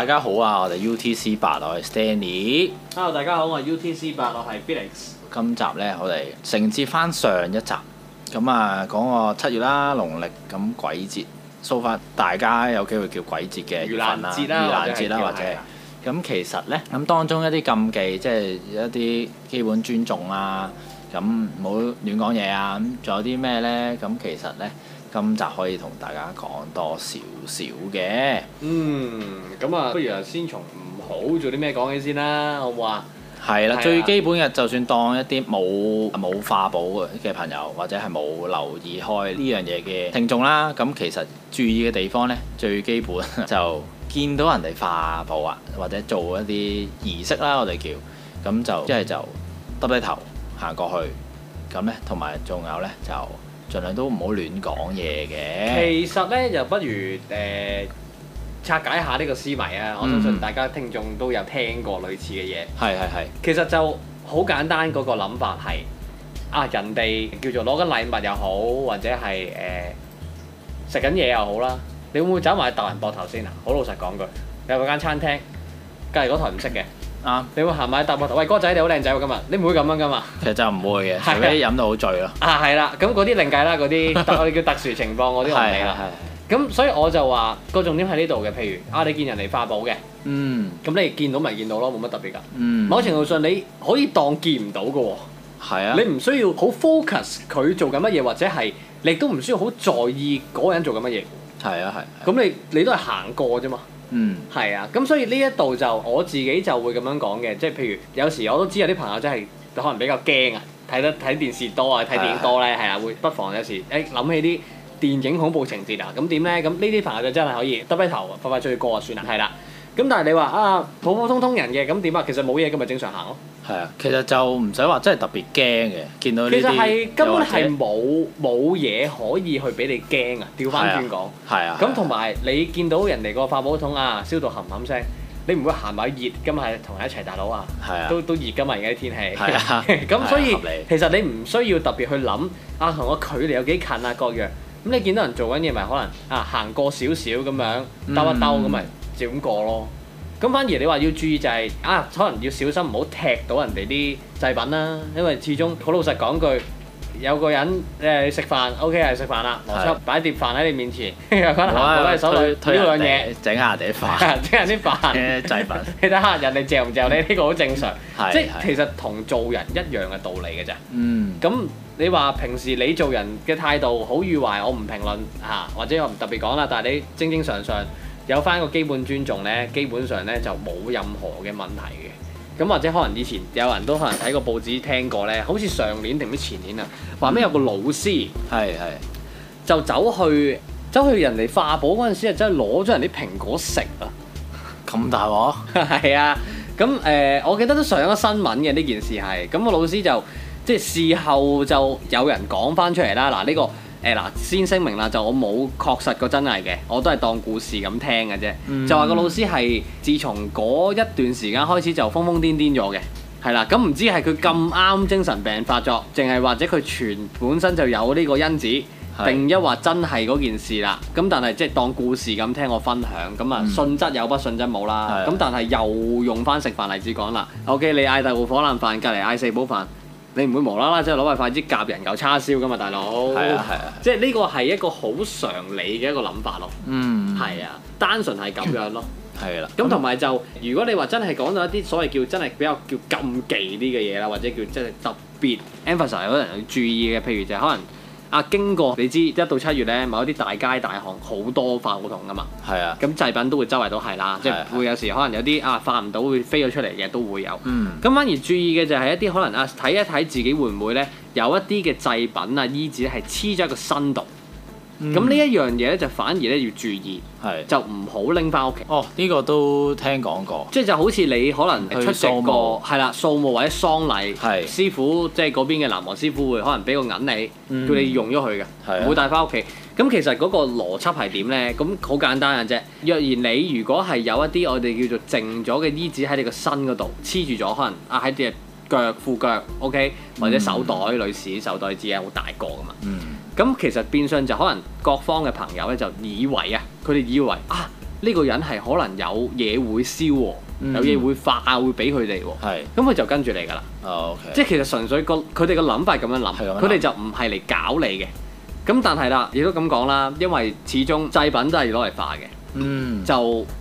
大家好啊！我哋 UTC 八，我係 Stanley。Hello，大家好，我係 UTC 八，我係 Felix。今集呢，我哋承接翻上一集，咁啊，講個七月啦，農曆咁鬼節，So far，大家有機會叫鬼節嘅月份啦，盂蘭節啦，盂蘭節啦或者咁其實呢，咁當中一啲禁忌，即係一啲基本尊重啊，咁唔好亂講嘢啊，咁仲有啲咩呢？咁其實呢。今集可以同大家講多少少嘅，嗯，咁啊，不如先從唔好做啲咩講起先啦，好唔好啊？係啦、啊，最基本嘅，就算當一啲冇冇化寶嘅朋友，或者係冇留意開呢樣嘢嘅聽眾啦，咁其實注意嘅地方呢，最基本就見到人哋化寶啊，或者做一啲儀式啦，我哋叫咁就即係就耷、是、低頭行過去，咁呢，同埋仲有呢，就。儘量都唔好亂講嘢嘅。其實呢，就不如誒、呃、拆解下呢個思維啊！嗯、我相信大家聽眾都有聽過類似嘅嘢、嗯。係係係。嗯、其實就好簡單，嗰個諗法係啊，人哋叫做攞緊禮物又好，或者係誒食緊嘢又好啦。你會唔會走埋去揼人膊頭先啊？好老實講句，有，有間餐廳隔離嗰台唔識嘅。啱，你會行埋一搭摩托，喂，哥仔，你好靚仔喎，今日，你唔會咁樣噶嘛？其實就唔會嘅，除非你飲到好醉咯。啊係啦，咁嗰啲另計啦，嗰啲我哋叫特殊情況，嗰啲我唔理。係啊係。咁所以我就話個重點喺呢度嘅，譬如啊你見人嚟化寶嘅，嗯，咁你見到咪見到咯，冇乜特別㗎。某程度上你可以當見唔到嘅喎。係啊。你唔需要好 focus 佢做緊乜嘢，或者係你都唔需要好在意嗰個人做緊乜嘢。係啊係。咁你你都係行過啫嘛。嗯，係啊，咁所以呢一度就我自己就會咁樣講嘅，即係譬如有時我都知有啲朋友真係可能比較驚啊，睇得睇電視多啊，睇電影多呢，係啊，會不妨有時誒諗起啲電影恐怖情節啊，咁點呢？咁呢啲朋友就真係可以耷低頭快快出去過啊，算啦，係啦。咁但係你話啊，普普通通人嘅咁點啊？其實冇嘢嘅咪正常行咯。係啊，其實就唔使話真係特別驚嘅。見到其實係根本係冇冇嘢可以去俾你驚啊！調翻轉講，係啊，咁同埋你見到人哋個化寶桶啊，燒到冚冚聲，你唔會行埋熱，今日係同佢一齊大佬啊，都都熱今日而家啲天氣。咁所以其實你唔需要特別去諗啊，同我距離有幾近啊，各樣。咁你見到人做緊嘢，咪可能啊行過少少咁樣兜一兜咁咪。就咁過咯，咁反而你話要注意就係啊，可能要小心唔好踢到人哋啲祭品啦，因為始終好老實講句，有個人誒，食飯，O K 係食飯啦，攞出擺碟飯喺你面前，可能拿過喺手裏呢樣嘢整下人哋啲飯，整下啲飯嘅祭品。你睇下人哋嚼唔嚼？你呢個好正常，即係其實同做人一樣嘅道理嘅啫。嗯，咁你話平時你做人嘅態度好與壞，我唔評論嚇，或者我唔特別講啦。但係你正正常常，有翻個基本尊重呢，基本上呢就冇任何嘅問題嘅。咁或者可能以前有人都可能睇過報紙聽過呢，好似上年定唔知前年啊，話咩有個老師係係就走去走去人哋化寶嗰陣時就 啊，真係攞咗人啲蘋果食啊！咁大鑊係啊！咁誒，我記得都上咗新聞嘅呢件事係。咁個老師就即係事後就有人講翻出嚟啦。嗱，呢個。誒嗱，Ella, 先聲明啦，就我冇確實個真偽嘅，我都係當故事咁聽嘅啫。Mm hmm. 就話個老師係自從嗰一段時間開始就瘋瘋癲癲咗嘅，係啦。咁唔知係佢咁啱精神病發作，淨係或者佢全本身就有呢個因子，定一話真係嗰件事啦。咁但係即係當故事咁聽我分享，咁啊信則有，不信則冇啦。咁、mm hmm. 但係又用翻食飯例子講啦。Mm hmm. O、okay, K. 你嗌大碗火腩飯，隔離嗌四寶飯。你唔會無啦啦即係攞埋筷子夾人嚿叉燒㗎嘛，大佬？係啊係啊，啊即係呢個係一個好常理嘅一個諗法咯。嗯，係啊，單純係咁樣咯。係啦、 啊。咁同埋就，如果你話真係講到一啲所謂叫真係比較叫禁忌啲嘅嘢啦，或者叫真係特別 emphasize 有啲人要注意嘅，譬如就係可能。啊，經過你知一到七月咧，某一啲大街大巷好多化烏鴉㗎嘛，係是啊，咁祭品都會周圍都係啦，是啊、即係會有時可能有啲啊化唔到會飛咗出嚟嘅都會有，咁、嗯、反而注意嘅就係一啲可能啊，睇一睇自己會唔會咧有一啲嘅祭品啊、衣紙係黐咗一個身度。咁呢一樣嘢咧，就反而咧要注意，的就唔好拎翻屋企。哦，呢、這個都聽講過。即係就好似你可能出個掃墓，係啦，掃墓或者喪禮，的師傅即係嗰邊嘅喃嘸師傅會可能俾個銀你，嗯、叫你用咗佢嘅，唔的會帶翻屋企。咁其實嗰個邏輯係點咧？咁好簡單嘅啫。若然你如果係有一啲我哋叫做剩咗嘅衣紙喺你個身嗰度黐住咗，可能啊喺隻腳、褲腳，OK，或者手袋，嗯呃、女士手袋字咧好大個噶嘛。嗯嗯咁其實變相就可能各方嘅朋友咧，就以為，以為啊，佢哋以為啊，呢個人係可能有嘢會燒喎、啊，嗯、有嘢會化、啊、會俾佢哋喎。咁佢是就跟住你㗎啦。Okay. 即係其實純粹個佢哋嘅諗法係咁樣諗，佢哋就唔係嚟搞你嘅。咁但係啦，亦都咁講啦，因為始終祭品都係攞嚟化嘅。嗯，mm. 就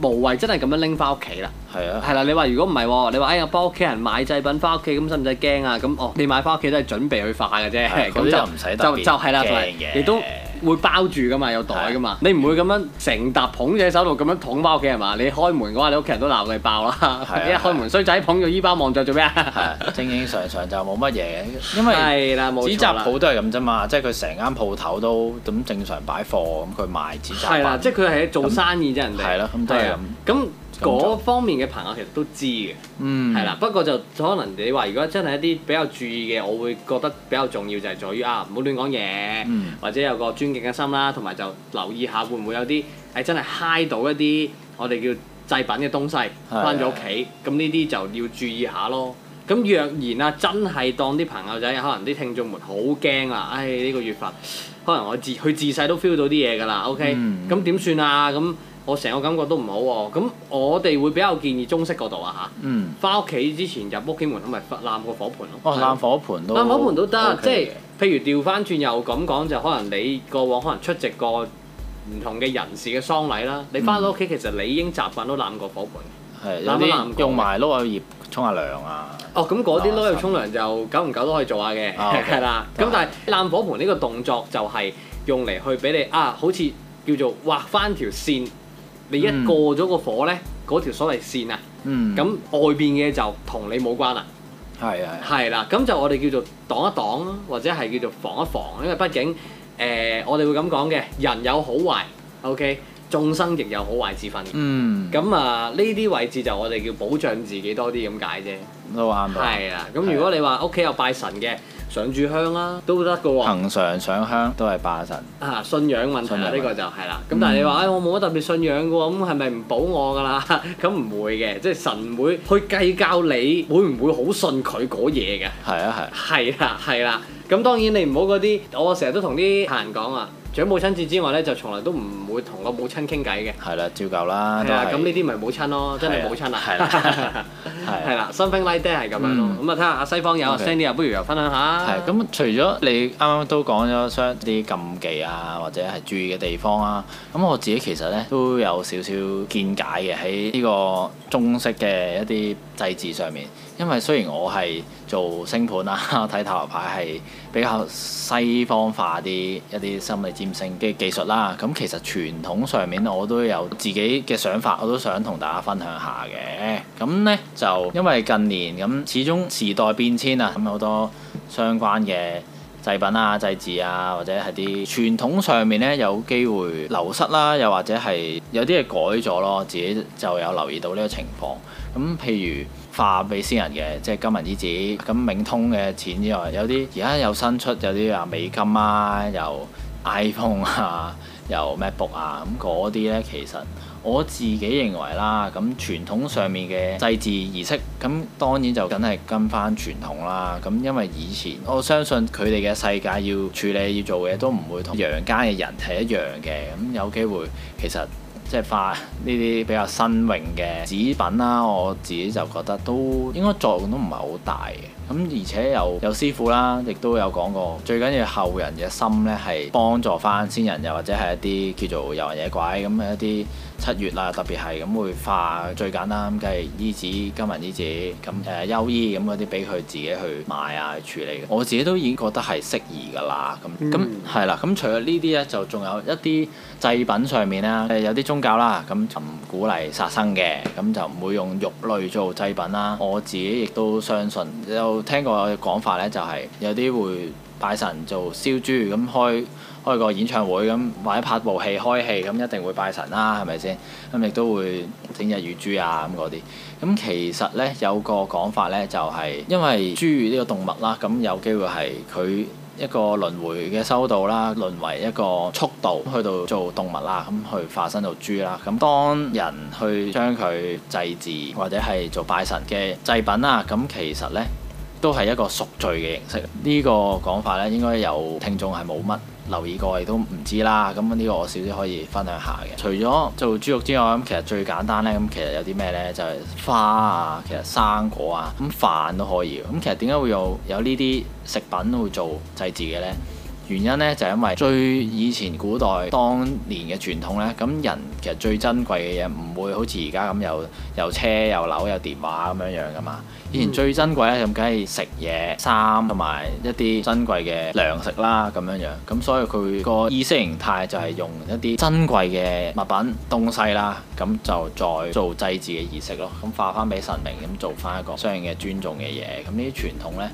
無謂真係咁樣拎翻屋企啦。係啊，係啦、啊，你話如果唔係喎，你話哎呀幫屋企人買祭品翻屋企，咁使唔使驚啊？咁哦，你買翻屋企都係準備去化嘅啫，咁、啊嗯、就唔使就就係啦，唔係你都。會包住噶嘛，有袋噶嘛，的你唔會咁樣成沓捧住喺手度咁樣捧返屋企係嘛？你開門嘅話，你屋企人都鬧你爆啦！的 一開門衰仔捧住呢包望著做咩啊？係 正正常常就冇乜嘢嘅，因為紙紮鋪都係咁啫嘛，即係佢成間鋪頭都咁正常擺貨，咁佢賣紙紮。係啦，即係佢係做生意啫，那人哋係啦，咁都係咁。嗰方面嘅朋友其實都知嘅，係啦、嗯。不過就可能你話，如果真係一啲比較注意嘅，我會覺得比較重要就係在於啊，唔好亂講嘢，嗯、或者有個尊敬嘅心啦，同埋就留意下會唔會有啲係、哎、真係嗨到一啲我哋叫製品嘅東西翻咗屋企，咁呢啲就要注意下咯。咁若然啊，真係當啲朋友仔，可能啲聽眾們好驚啦。唉，呢個月份，可能我自佢自細都 feel 到啲嘢㗎啦。OK，咁點算啊？咁我成個感覺都唔好喎、哦，咁我哋會比較建議中式嗰度啊嚇。嗯，翻屋企之前入屋企門，咪攬個火盆咯。哦，攬的火盆，都攬火盆都得，Okay. 即係譬如調翻轉又咁講，就可能你過往可能出席過唔同嘅人士嘅喪禮啦，嗯、你翻到屋企其實你已經習慣都攬過火盆嘅，係的用埋碌柚葉沖下涼啊。哦，咁嗰啲碌柚沖涼就久唔久都可以做下嘅，係啦、啊。咁、okay. 但係攬火盆呢個動作就係用嚟去俾你啊，好似叫做畫翻條線。你一過咗個火呢，嗰、嗯、條所謂線啊，咁、嗯、外邊嘅就同你冇關啦。係啊的，係啦，咁就我哋叫做擋一擋囉，或者係叫做防一防，因為畢竟誒、呃，我哋會咁講嘅，人有好壞，OK，眾生亦有好壞之分。嗯，咁啊，呢啲位置就我哋叫保障自己多啲咁解啫。都啱噃。係啊，咁如果你話屋企有拜神嘅。上住香啦、啊，都得噶喎。平常上香都係拜神。啊，信仰問題啊，呢個就係、是、啦。咁、嗯、但係你話，唉、哎，我冇乜特別信仰噶喎，咁係咪唔保我㗎啦？咁 唔會嘅，即係神會去計較你會唔會好信佢嗰嘢嘅。係、嗯、啊，係。係啦，係啦。咁當然你唔好嗰啲，我成日都同啲客人講啊。除咗母親節之外咧，就從來都唔會同個母親傾偈嘅。係啦，照舊啦。係咁呢啲咪母親咯，真係母親啊。係係啦，生平 like 爹係咁樣咯。咁啊，睇下阿西方有啊 s a n d y 啊，不如又分享下。係咁，除咗你啱啱都講咗啲禁忌啊，或者係注意嘅地方啊，咁我自己其實咧都有少少見解嘅喺呢個中式嘅一啲祭祀上面。因為雖然我係做星盤啦，睇塔羅牌係比較西方化啲一啲心理占星嘅技術啦，咁其實傳統上面我都有自己嘅想法，我都想同大家分享下嘅。咁呢就因為近年咁，始終時代變遷啊，咁好多相關嘅製品啊、製祀啊，或者係啲傳統上面呢，有機會流失啦、啊，又或者係有啲嘢改咗咯，自己就有留意到呢個情況。咁譬如化俾先人嘅，即係金銀衣紙，咁冥通嘅錢之外，有啲而家有新出，有啲啊美金啊，又 iPhone 啊，又 MacBook 啊，咁嗰啲呢，其實。我自己認為啦，咁傳統上面嘅祭祀儀式，咁當然就梗係跟返傳統啦。咁因為以前我相信佢哋嘅世界要處理要做嘅嘢都唔會同陽間嘅人係一樣嘅。咁有機會其實即係化呢啲比較新穎嘅紙品啦，我自己就覺得都應該作用都唔係好大嘅。咁而且有有師傅啦，亦都有講過，最緊要後人嘅心咧係幫助翻，先人，又或者係一啲叫做遊魂野鬼咁一啲七月啊，特別係咁會化最簡單咁，梗係衣紙金銀衣紙咁誒優醫咁嗰啲俾佢自己去買啊，去處理。我自己都已經覺得係適宜㗎、嗯、啦，咁咁係啦。咁除咗呢啲咧，就仲有一啲祭品上面啦，誒有啲宗教啦，咁就唔鼓勵殺生嘅，咁就唔會用肉類做祭品啦。我自己亦都相信聽過嘅講法呢、就是，就係有啲會拜神做燒豬咁，開開個演唱會咁，或者拍部戲開戲咁，一定會拜神啦，係咪先咁？亦都會整日與豬啊咁嗰啲咁。其實呢，有個講法呢、就是，就係因為豬呢個動物啦，咁有機會係佢一個輪迴嘅修道啦，輪為一個畜道去到做動物啦，咁去化身到豬啦。咁當人去將佢祭祀或者係做拜神嘅祭品啦，咁其實呢，都係一個贖罪嘅形式，呢個講法呢，應該有聽眾係冇乜留意過，亦都唔知啦。咁呢個我少少可以分享下嘅。除咗做豬肉之外，咁其實最簡單呢，咁其實有啲咩呢？就係花啊，其實生果啊，咁飯都可以嘅。咁其實點解會有有呢啲食品會做祭祀嘅呢？原因呢，就係因為最以前古代當年嘅傳統呢，咁人其實最珍貴嘅嘢唔會好似而家咁有有車有樓有電話咁樣樣噶嘛。以前最珍貴呢，咁梗係食嘢、衫同埋一啲珍貴嘅糧食啦咁樣樣。咁所以佢個意識形態就係用一啲珍貴嘅物品東西啦，咁就再做祭祀嘅儀式咯，咁化翻俾神明咁做翻一個相應嘅尊重嘅嘢。咁呢啲傳統呢，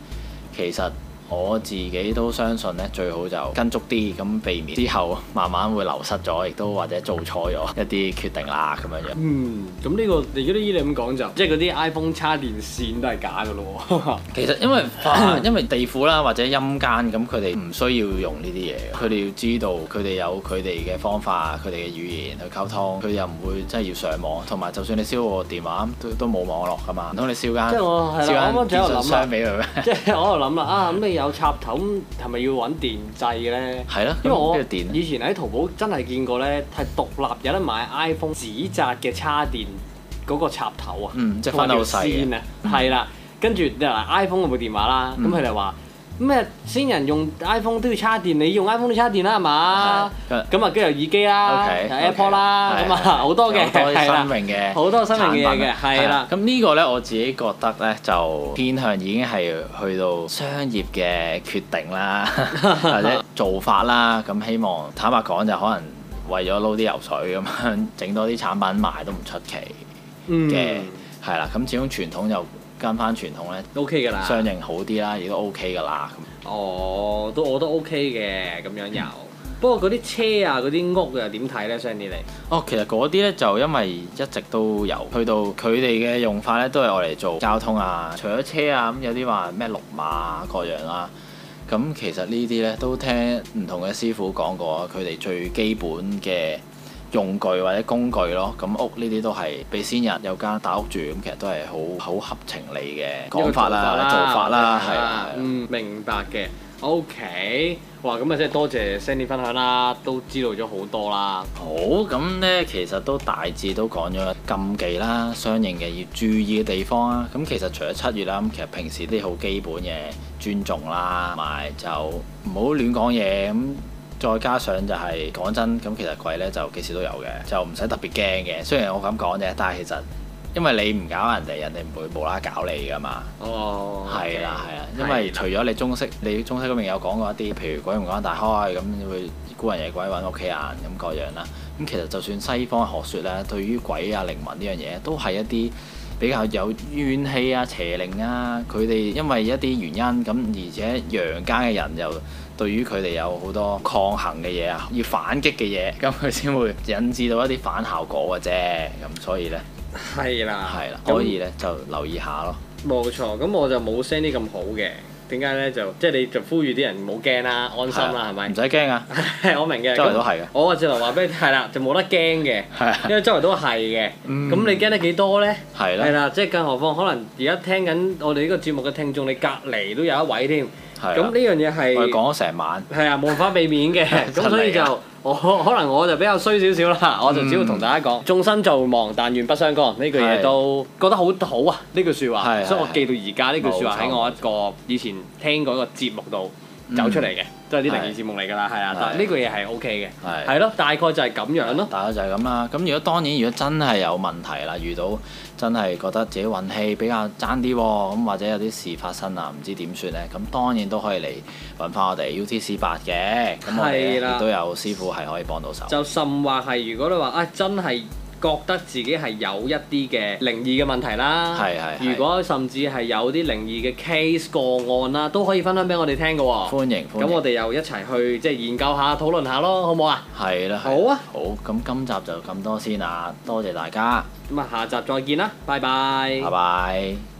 其實。我自己都相信咧，最好就跟足啲，咁避免之後慢慢會流失咗，亦都或者做錯咗一啲決定啦，咁樣樣。嗯，咁呢、呢個而家啲依你咁講就是，即係嗰啲 iPhone 插電線都係假㗎咯喎。 其實因為 因為地府啦或者陰間咁，佢哋唔需要用呢啲嘢，佢哋要知道佢哋有佢哋嘅方法，佢哋嘅語言去溝通，佢又唔會真係要上網，同埋就算你燒個電話都都冇網絡㗎嘛。唔通你燒間即我燒一間紙箱俾佢咩？即係我就諗啦，啊咁、啊啊啊 有插頭，係咪要揾電掣呢？係啦， 因為我以前喺淘寶真係見過呢，係獨立有得買 iPhone 紙質嘅叉電嗰個插頭啊，嗯，即嗰條線啊，係啦， 跟住你嗱 iPhone 有部電話啦，咁佢哋話。咁誒，先人用 iPhone 都要插電，你用 iPhone 都要插電啦，係嘛的？咁啊，跟有耳機啦 AirPods 啦，咁啊好多嘅，係嘅，好多新穎嘅產品嘅，係啦。咁呢個咧，我自己覺得咧，就偏向已經係去到商業嘅決定啦， 或者做法啦。咁希望坦白講，就可能為咗撈啲油水咁樣整多啲產品賣都唔出奇嘅，係啦、嗯。咁始終傳統又。跟翻傳統咧，都 OK 噶啦，相應好啲啦，亦都 OK 噶啦。哦，都我都 OK 嘅，咁樣有。嗯、不過嗰啲車啊，嗰啲屋又點睇呢？Shandy 嚟哦，其實嗰啲呢，就因為一直都有，去到佢哋嘅用法呢，都係我嚟做交通啊，除咗車啊，咁有啲話咩綠馬、啊、各樣啦、啊。咁其實呢啲呢，都聽唔同嘅師傅講過，佢哋最基本嘅。用具或者工具咯，咁屋呢啲都係俾先人有間大屋住，咁其實都係好好合情理嘅講法啦、做法啦，係啊，啊嗯，明白嘅，OK，哇，咁啊真係多謝 Sandy 分享啦，都知道咗好多啦。好，咁呢其實都大致都講咗禁忌啦、相應嘅要注意嘅地方啦。咁其實除咗七月啦，咁其實平時啲好基本嘅尊重啦，同埋就唔好亂講嘢咁。再加上就係講真，咁其實鬼呢就幾時都有嘅，就唔使特別驚嘅。雖然我咁講啫，但係其實因為你唔搞人哋，人哋唔會無啦搞你噶嘛。哦、oh, okay.，係啦，係啊，因為除咗你中式，你中式嗰邊有講過一啲，譬如鬼門關大開咁，會孤魂野鬼揾屋企人咁各樣啦。咁其實就算西方學説咧，對於鬼啊靈魂呢樣嘢，都係一啲比較有怨氣啊邪靈啊，佢哋因為一啲原因咁，而且陽間嘅人又。對於佢哋有好多抗衡嘅嘢啊，要反擊嘅嘢，咁佢先會引致到一啲反效果嘅啫。咁所以咧，係啦，係啦，可以呢就留意下咯。冇錯，咁我就冇聲啲咁好嘅。點解呢？就即係你就呼籲啲人唔好驚啦，安心啦，係咪？唔使驚啊！我明嘅，周圍都係嘅。我阿直頭話俾你聽，係啦，就冇得驚嘅，因為周圍都係嘅。咁你驚得幾多呢？係啦，係啦，即係更何況可能而家聽緊我哋呢個節目嘅聽眾，你隔離都有一位添。咁呢樣嘢係，我講咗成晚，係啊，冇辦法避免嘅。咁 嗎所以就我可能我就比較衰少少啦，我就只要同大家講，嗯、眾生做夢，但願不相干」。呢句嘢都覺得好好啊呢句説話，所以我記到而家呢句説話喺我一個錯以前聽過一個節目度。走出嚟嘅，嗯、都係啲靈異節目嚟㗎啦，係啊是，但係呢個嘢係 O K 嘅，係咯是，大概就係咁樣咯，大概就係咁啦。咁如果當然，如果真係有問題啦，遇到真係覺得自己運氣比較爭啲，咁或者有啲事發生啊，唔知點算呢，咁當然都可以嚟揾翻我哋 U T C 八嘅，咁我哋的都有師傅係可以幫到手。就甚至係，如果你話啊、哎，真係。覺得自己係有一啲嘅靈異嘅問題啦，係係，如果甚至係有啲靈異嘅 case 個案啦，都可以分享俾我哋聽嘅喎，歡迎，歡迎。咁我哋又一齊去即係研究下、討論下咯，好唔好啊？好啊？係啦，好啊。好，咁今集就咁多先啦，多謝大家。咁啊，下集再見啦，拜拜。拜拜。